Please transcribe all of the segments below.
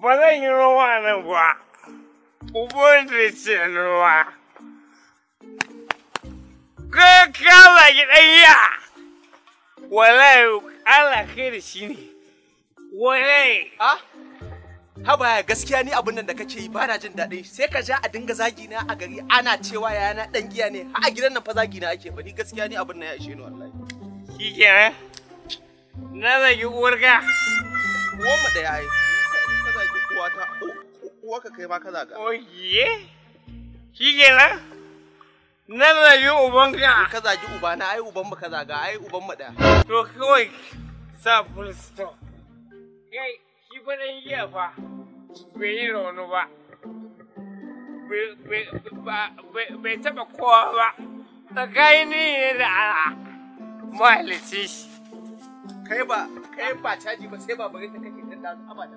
ba zan yi ruwa nan ba, ubon da ce ruwa. Ka kala gidanya, wallahi Allah kai da shi ne, Ha Ah? gaskiya ni abin nan da kake yi ba na jin daɗi sai ka ja a dinga zagi na a gari ana cewa yaya na ɗan giya ne a gidan nan fa zagi na ake ba ni gaskiya ni abin nan ya ishe ni wallahi. Shi kenan? Na zagi uwarka. Uwan mu da yayi uwata uwaka kai ma ka zaga oye shi kenan na zagi ubanka ka zagi ubana ai uban ka zaga ai uban mu daya to kawai sa full stop kai shi fa dan giya fa bai yi rauni ba bai taba kowa ba tsakanin ne da ala mahalicci shi kai ba kai ba caji ba sai ba bari ta kake dan da abada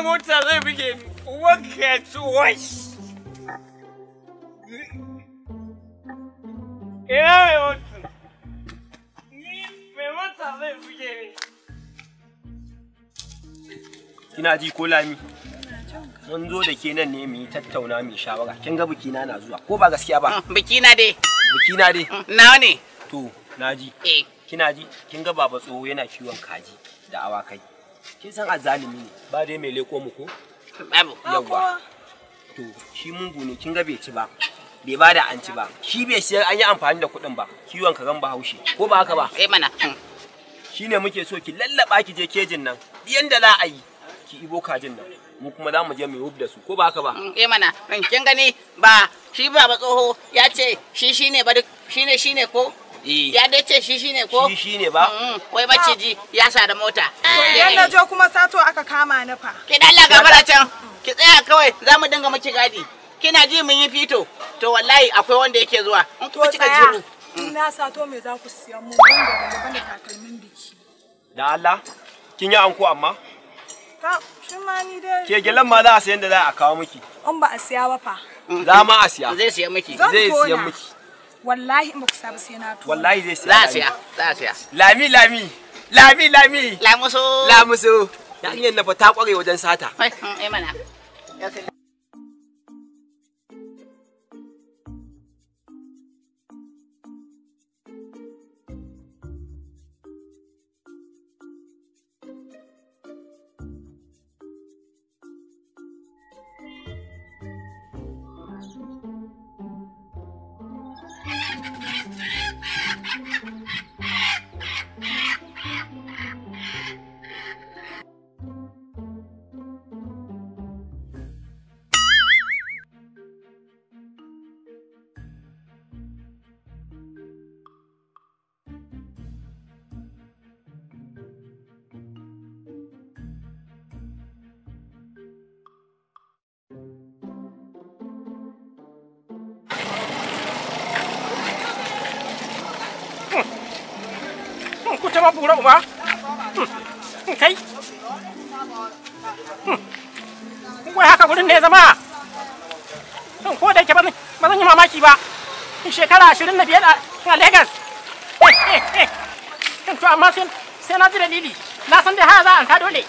da kina ji ko lami mun zo da ke nan ne mu yi tattauna mu shawara kin ga bikina na zuwa ko ba gaskiya ba mm, bikina dai dai mm, ne to naji eh kina ji kin ga baba tsoho yana kiwon kaji da awakai kin san azalimi ne ba dai mai leko muku? ko babu yawa to shi mungu ne kin ga bai ci ba bai ba da an ci ba shi bai siyar an yi amfani da kuɗin ba kiwon ba bahaushe ko ba haka ba eh mana hmm. shi ne muke so ki lallaba ki je kejin nan diyan da za a yi ki ibo kajin nan mu kuma za mu je mu hub da su ko ba haka ba hmm, eh mana hmm, kin gani ba shi ba ba tsoho ya ce shi shine ba duk shine shine ko E. ya dai ce shi shine ko shi shine ba wai maciji ya sa da mota ya da jo kuma sato aka kama na fa ki dalla ga mara can ki tsaya kawai za mu dinga miki gadi kina ji mun yi fito to wallahi akwai wanda yake zuwa in kuma kika jiru in na sato me za ku siya mu ban da takalmin biki da Allah kin yi anko amma ka shi ma ni dai ke gelan ma za a sayan da za a kawo miki in ba a siya ba fa za ma a siya zai siya miki zai siya miki wallahi in ba ku saba sai na to wallahi zai sai lafiya lafiya lami lami lami lami lamuso lamuso yarinyar na fa ta kware wajen sata ai mm, eh mana ita ma bura uba kai wai haka gurin ne zama ko da yake ba zan yi mamaki ba shekara ashirin đi biyar a lagos to amma sai na ji dalili na san dai lên za a ta dole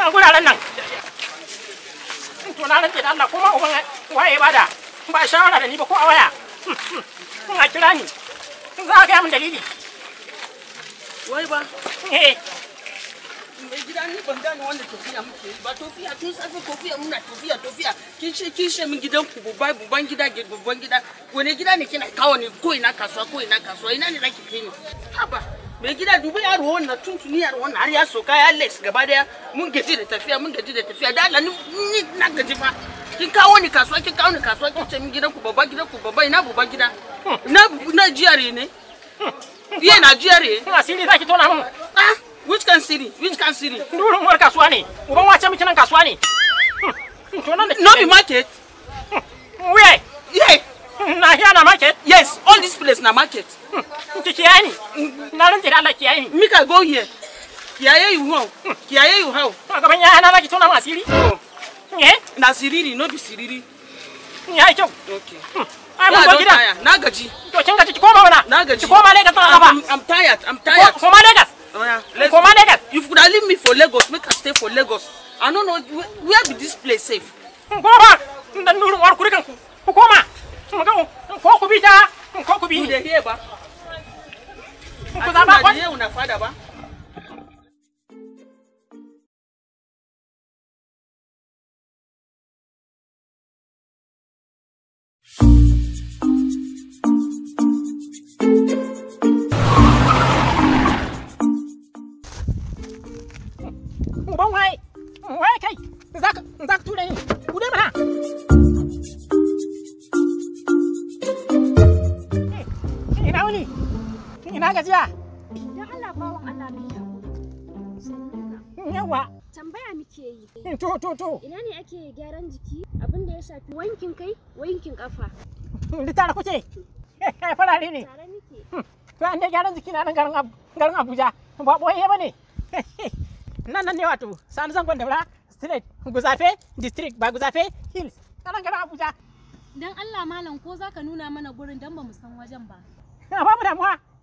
a guraren nan to na rantse Allah ko ma uban waye bada ba shawara da ni ba ko a waya a kira ni za a gaya min dalili Wai ba. Eh. Mai gida ni ban gane wanda tafiya muke yi ba tafiya tun safe tafiya muna tafiya tafiya kin ce kin ce min gidan ku babban babban gida babban gida wani gida ne kina kawo ne ko ina kasuwa ko ina kasuwa ina ne zaki kai ni haba mai gida dubi yaro wannan tuntuni yaro wannan har ya soka ya lex gaba daya mun gaji da tafiya mun gaji da tafiya da Allah ni na gaji fa kin kawo ni kasuwa kin kawo ni kasuwa kin ce min gidan ku babba gidan ku babba ina babban gida hmm. na na jiyare ne hmm. Here in Nigeria. Ina siri zaki tona mun. Ah, which can siri? Which can siri? you war kasuwa ne. Uban wace miki nan kasuwa ne. Tona ne. No the market. Hmm, Where? Yeah. Hmm, na here na market? Yes, all this place na market. Hmm, ki kiyani. Na ran tira Allah kiyani. Mika go here. Kiyaye you how? Kiyaye you how? Ka ban yana zaki tona mun asiri. Eh? Na siriri, no be siriri. Ya kyau. Okay. Ai mun ba gida. Na gaji. To kin gaji ki koma Na gaji. Ki Lagos na I'm tired. I'm tired. Koma Lagos. Oh, koma Lagos. If you leave me for Lagos, make us stay for Lagos. I don't know where, where be this place safe. Koma. Dan nuru war kurikan ku. Koma. Come on. Come on. Come on. Come on. bi. Ku da heba. Ku da ba. Ku da ba. Da Allah bawan Allah mai hakuri. Yawa. Tambaya muke yi. Eh, to to to. Ina ne ake gyaran jiki abin da ya shafi wankin kai wankin kafa. kuke? Farare ne. muke. Hmm. To an gyaran jiki na nan garin Abuja. Ba boye ba ne. Nan nan ne wato sani zangon daura street guzafe district ba guzafe hills. Nan garin Abuja. Dan Allah malam ko za ka nuna mana gurin dan ba mu san wajen ba. Ba mu damuwa.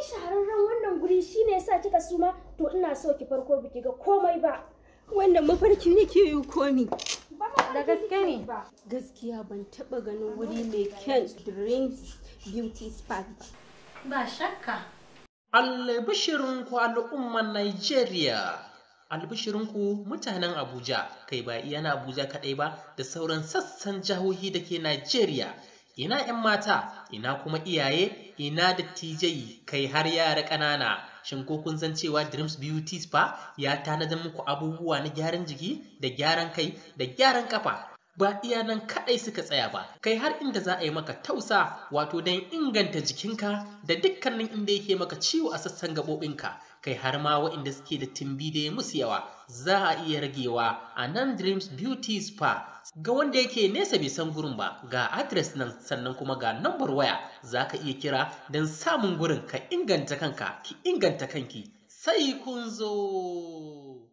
ganin shahararren wannan guri shine yasa kika suma to ina so ki farko biki ga komai ba wannan mafarki ne ke yi komi da gaske ne gaskiya ban taba ganin wuri mai kyan drinks beauty spa ba ba shakka ku al'umman Najeriya ku mutanen Abuja kai ba iya na Abuja kaɗai ba da sauran sassan jihohi da ke Najeriya ina ‘yan mata, ina kuma iyaye, ina dattijai kai har yara ƙanana. Shin ko kun san cewa Dreams Beauty Spa ya tanadar muku abubuwa na gyaran jiki da gyaran kai da gyaran kafa ba iya nan kaɗai suka tsaya ba kai har inda za a yi maka tausa wato don inganta jikinka da dukkanin inda yake maka ciwo a sassan gaɓoɓinka kai har ma waɗanda suke da tumbi da ya musu yawa za a iya ragewa a nan Dreams Beauty Spa ga wanda yake nesa bai san gurin ba ga adres nan sannan kuma ga nambar waya za ka iya kira don samun gurin ka inganta kanka ki inganta kanki sai kun zo.